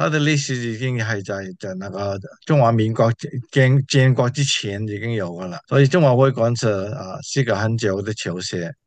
他的歷史已經是在在那個中華民國建，建國之前已經有的了，所以中華會館是，啊，是一個很久的舊事。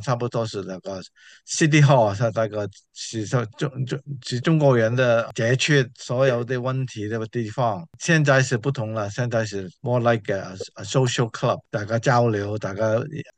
差不多是那個，city hall，是那個是說中中，是中國人的解決所有的問題的地方。現在是不同了，現在是 more like a, a social club，大家交流，大家。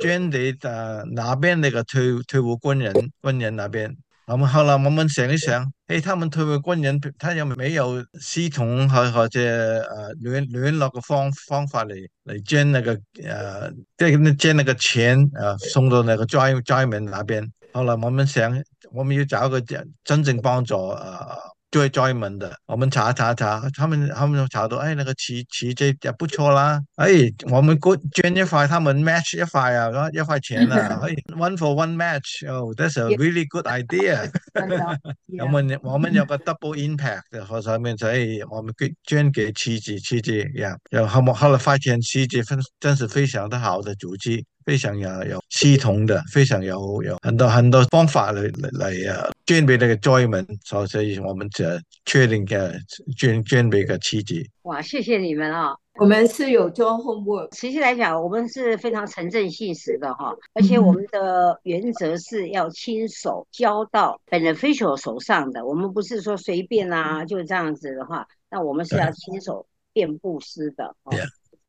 捐啲啊，那邊那個退退伍軍人軍人那邊，咁後來我們想一想，誒，他們退伍軍人他有沒有系統，或者誒，聯、啊、聯絡嘅方方法嚟嚟捐那個、啊、捐那個錢啊，送到那個災民那邊，後來我們想，我們要找一個真正幫助、啊最專門的，我們查查查，他們他們查到，哎，那個慈慈濟也不錯啦，哎，我們捐捐一塊，他們 match 一塊啊，一塊錢啊，yeah. 哎，one for one match，哦、oh，that's a really good idea，yeah. yeah. 我們，我們有個 double impact 喺上面，所、哎、以我們捐給、yeah. 我們捐給慈濟，慈濟，又後後後來發現慈濟真真是非常的好的組織。非常有有系統的，非常有有很多很多方法來來來呀，準備呢個 joyment，所以我們就確定鑒準，準備一個奇迹。哇，謝謝你們啊、哦！我們是有做 homework。實際來講，我們是非常誠正信實的哈、哦，而且我們的原則是要親手交到 beneficiary 手上的。我們不是說隨便啊，嗯、就這樣子的話，那我們是要親手遍布施的、哦。Yeah.